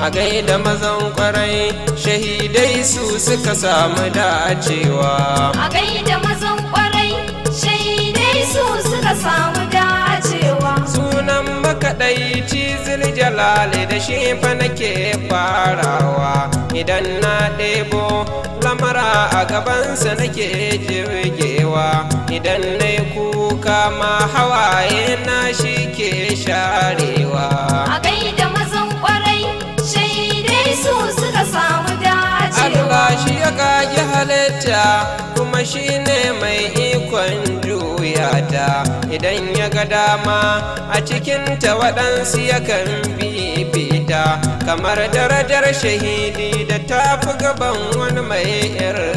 a gaida mazan kwarai shahidai su suka samu dacewa a gaida mazan kwarai shahidai su suka samu dacewa sunan makaɗaici jalali da shi fa nake farawa idan na ɗebo a gabansa nake jirgewa idan na kuka ma hawaye na shi ke sharewa a mazan kwarai shi ya halitta kuma shi ne mai ikon juyata idan ya ga dama a cikinta waɗansu yakan bibita kamar darajar shahidi da tafi gaban wani mai irin